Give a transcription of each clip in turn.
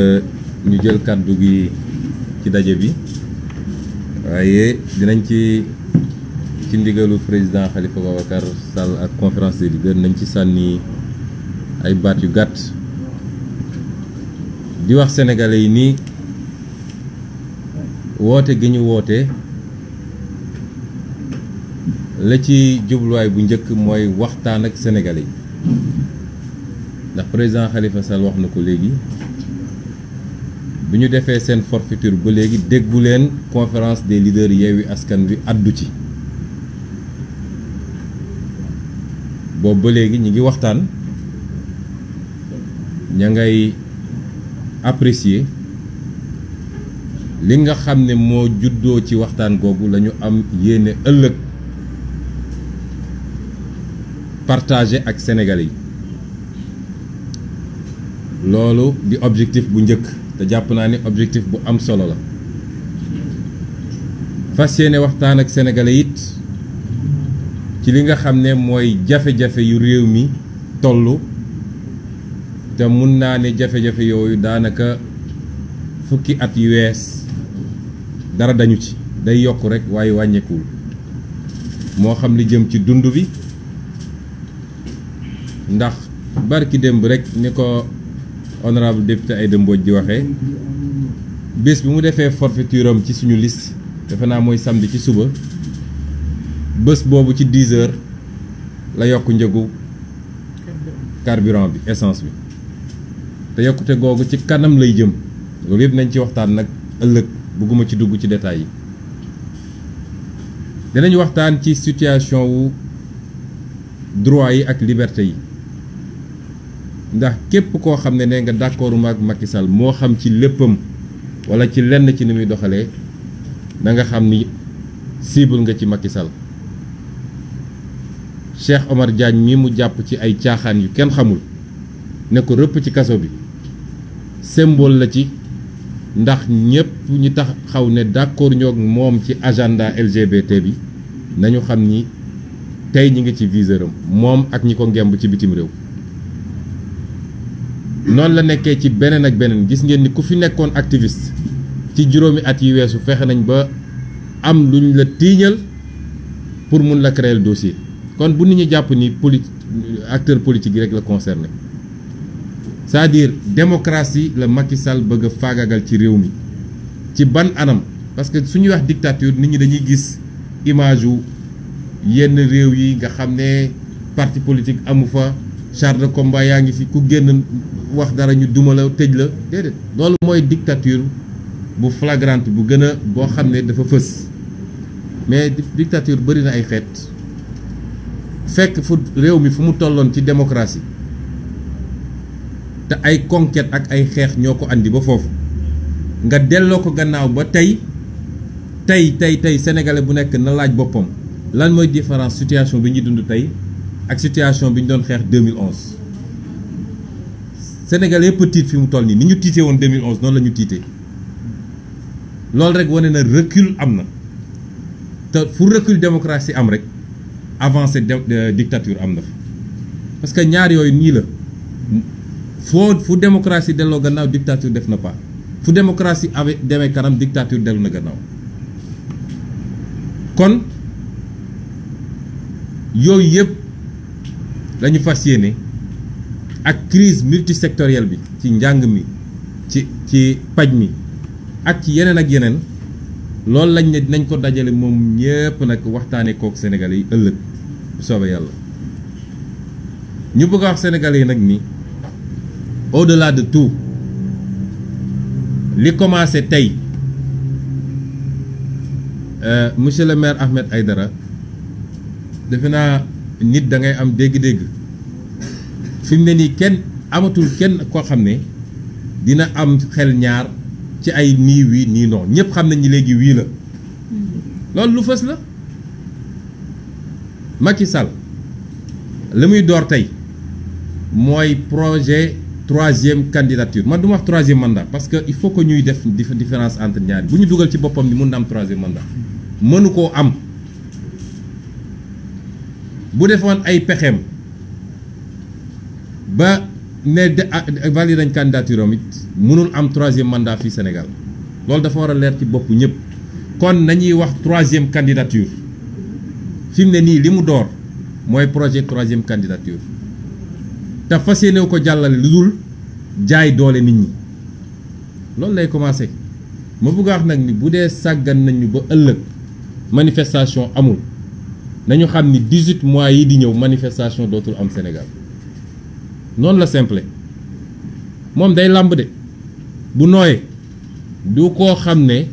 Euh, ñu jël kàddu gi ci daje bi waaye dinañ ci ci ndigalu président Khalifa Babacar Sall ak conférence des leaders nañ ci sànni ay baat yu gàtt di wax sénégalais yi nii woote gi ñu woote la ci jubluwaay bu njëkk mooy waxtaan ak sénégalais yi ndax président xalifa Sall wax na ko léegi bi ñu defee seen forfaiture ba léegi déggu len conférence des leaders yewi Askan Wi addu ci boobu ba légui ñi ngi waxtaan ña ngay apprécier li nga xamné mo moo juddoo ci waxtaan gogou la am yéene ëllëg partagé ak Sénégalais yi loolu di objectif bu njëkk te jàpp naa ni objectif bu am solo la fas yéene ak sénégalais it ci li nga xam ne mooy jafe-jafe yu réew mi toll te ne jafe-jafe yooyu danaka fukki at yu wees dara dañu ci day wanyekul. rek waaye wàññeekuwul moo xam li jëm ci dund bi ndax barki rek honorable député Aïda Mbodj di waxee bés bi mu defee forfaiture am ci suñu lis defe naa mooy samedi ci suba bés boobu ci 10 heures la yokk njëgu carburant bi essence bi te yokkute googu ci kanam lay jëm loolu yëpp nañ ci waxtaan nag ëllëg bëgguma ci dugg ci détails yi dinañu waxtaan ci situation wu droit yi ak liberté yi ndax képp koo xam ne nee nga d'accord ak Macky Sall moo xam ci léppam wala ci lenn ci ni muy doxalee da nga xam ni cible nga ci makisal Sall Cheikh Omar Diagne mi mu jàpp ci ay caaxaan yu kenn xamul ne ko rëpp ci kaso bi symbole la ci ndax ñëpp ñi tax xaw ne d'accord ñoog moom ci agenda LGBT bi nañu xam ni tey ñi ngi ci viseuram moom ak ñi ko ngemb ci bitim réew Non la nekkee ci benen ak benen gis ngeen ni ku fi nekkoon activiste ci juróomi at yi weesu fex nañ ba am luñ la tiñal pour mun la créer le dossier kon bu nit ñi japp ni acteur politique rek la concerné c'est-à-dire démocratie le Macky Sall bëgg a ci réew mi ci ban anam parce que suñu wax dictature nit ñi dañuy gis image yu yenn réew yi nga xamné parti politique amu fa. char de combat yaa ngi fi ku génn wax dara ñu duma la tëj la déedéet loolu mooy dictature bu flagrante bu gën a boo xam ne dafa fës mais dictature bëri na ay xeet fekk fu réew mi fu mu tolloon ci démocratie te ay conquête ak ay xeex ñoo andi ba foofu nga delloo ko gannaaw ba tey tey tey tey sénégalais bu nekk na laaj boppam lan mooy différence situation bi ñuy dund tey ak situation de doon 2011 Sénégal est tiit fi mu toll nii ni ñu 2011 Nous la ñu tiitee loolu rek un na recul am na fu recul démocratie am rek avancée dictature Amna. parce que ñaar yooyu faut la fu démocratie de gannaaw dictature def na pas fu démocratie avec demee kanam dictature de na gannaaw kon yooyu yëpp. lañu fas akris ak crise multisectorielle bi ci njàng mi ci ci paj mi ak ci yeneen ak yeneen loolu lañ ne dinañ ko dajale moom ñëpp nag waxtaane kook sénégalais yi ëllëg bu soobee yàlla ñu bëgg wax sénégalais yi ni au delà de tout li commencé euh, monsieur le maire Ahmed nit da ngay am dégg-dégg fi mu kenn amatul kenn ko xamné dina am xel ñaar ci ay nii wii nii non ñepp xam nañ ni léegi wii la mm-hmm. loolu lu fës la Macky Sall li dor tay moy mooy projet troisième candidature man duma ma wax troisième mandat parce que il faut que ñuy def différence entre ñaar buñu duggal ci boppam ni mu ndam am troisième mandat mënu ko am bu defoon ay pexem ba ne de ah, valider nañ candidature am it mënul am troisième mandat fii Sénégal loolu dafa war a leer ci bopp ñëpp kon nañuy wax troisième candidature fi mu ne nii li mu door mooy projet troisième candidature te fas yéene ko jàllale lu dul jaay doole nit ñi loolu lay commencé ma bëgg a wax nag ni bu dee sàggan nañu ba ëllëg manifestation amul nañu xam ni 18 mois yi di ñëw manifestation dootul am Sénégal. Non la simple mom day de bu du ko xamne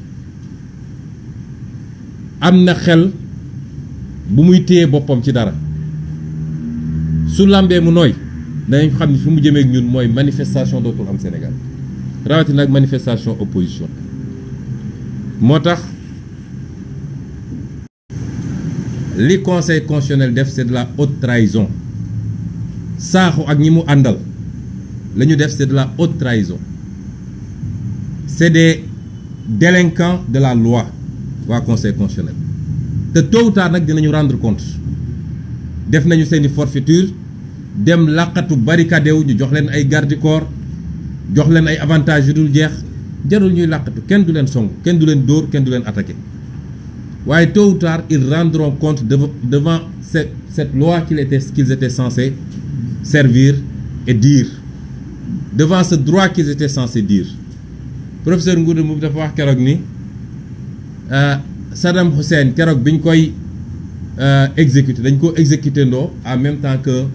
ne xel bu muy ci dara manifestation dootul am Sénégal rawati manifestation opposition motax li conseil constitutionnel def c'est de la haute trahison saaxu ak ñimu andal lañu def c'est de la haute trahison c'est des délinquants de la loi voire conseil constitutionnel te tôt ou tard nag dinañu rendre compte def nañu seeni forfaiture dem barricade wu ñu jox leen ay garde corps jox leen ay avantages yu dul jeex jarul ñuy laqatu kenn du leen song kenn du leen dor kenn du leen attaquer waaye tôt ou tard ils rendront compte devant cette cette loi qu'ils étaient qu'ils étaient censés servir et dire devant ce droit qu'ils étaient censés dire professeur Ngoude Mboup dafa wax euh, Saddam Hussein Kerog Binkoy koy euh, exécuté dañ exécuté en même temps que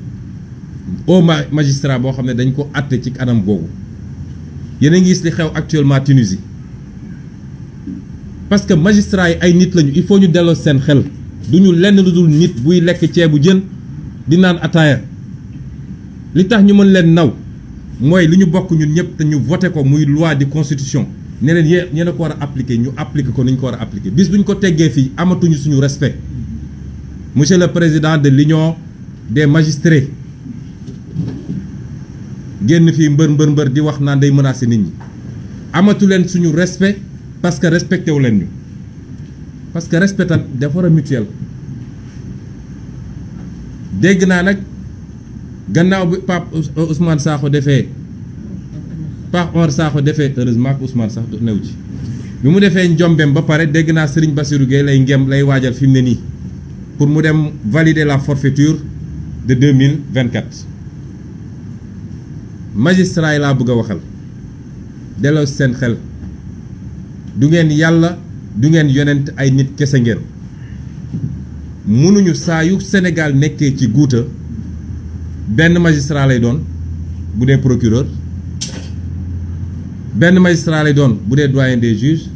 au magistrat boo d'un ne Adam ko Il y a une gis li xew Tunisie parce que magistrat magistrats ay nit lañu il faut ñu delloo seen xel du nous lenn lu dul nit buy lekk ceebu jën di li tax ñu mën leen naw moy li ñu bokk ñun ñëpp te ñu voter ko muy loi de constitution ne leen yee ko wara appliquer ñu appliquer ko ni ñu ko wara appliquer bis buñ ñu ko teggee fii amatuñu suñu respect monsieur le président de l'union des magistrats génn fi mbeur mbeur mbeur di wax naan day menacer nit ñi amatu leen suñu respect parce que respecté wu leen ñu parce que respectat dafa mutuel dégg naa nag gannaaw bi Pape euh, Ousmane Sakho defee Pape Omar Sakho defee heureusement que Ousmane sax new ci bi mu defee njombeem ba pare dégg naa Serigne Bassirou lay ngem lay waajal fi mu ne nii pour mu dem valider la forfaiture de 2024 magistrat yi laa bëgg a waxal delloo seen xel du ngeen yàlla du ngeen yonent ay nit kese ngeen mënuñu saa yu Sénégal nekkee ci guuta benn magistrat lay doon bu dee procureur benn magistrat lay doon bu dee doyen des juges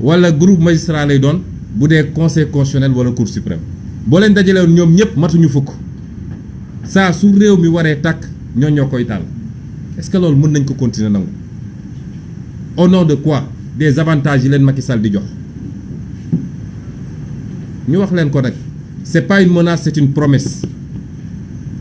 wala groupe magistrat lay doon bu conseil constitutionnel wala cour suprême boo leen dajalewoon ñoom ñëpp matuñu fukk saa su réew mi waree tàkk ñoo ñoo koy est-ce que loolu mën nañ ko continuer nangu au nom de quoi des avantages yi leen Macky di jox ñu wax leen ko c'est pas une menace c'est une promesse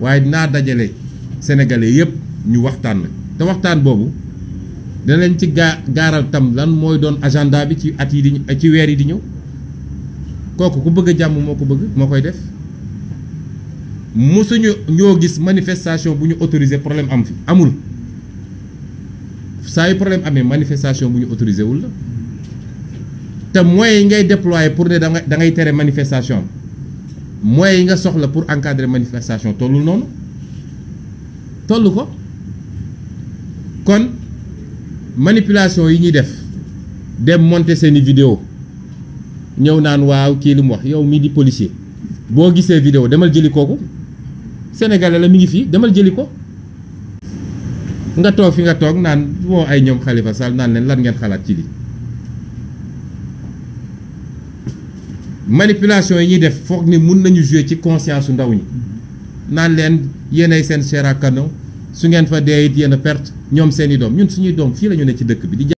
waye na dajale sénégalais yépp ñu waxtaan nag te waxtaan boobu dana leen ci garal tam lan moy doon agenda bi ci at yi di ci weer yi di ñëw kooku ku bëgg jamm moko bëgg moo def musuñu ñoo gis manifestation buñu autoriser problème am fi amul saa problème amé manifestation bu autoriser autorisé wul la te moyens ngay déployer pour né da ngay téré manifestation moyens nga pour encadrer manifestation tout le monde ko kon manipulation def de monter vidéos, vidéo ñëw naan waaw kii wax yow di policier ces vidéos, vidéo demal sénégalais la mi ngi demal nga fi nga ay Khalifa lan ngeen ci manipulation yi ñuy def foog ni mun nañu jouer ci conscience su ndaw ñi naan leen yéenay seen chair à canon su ngeen fa dee it yéen perte ñoom seen doom ñun suñuy doom fii la ñu ne ci dëkk bi di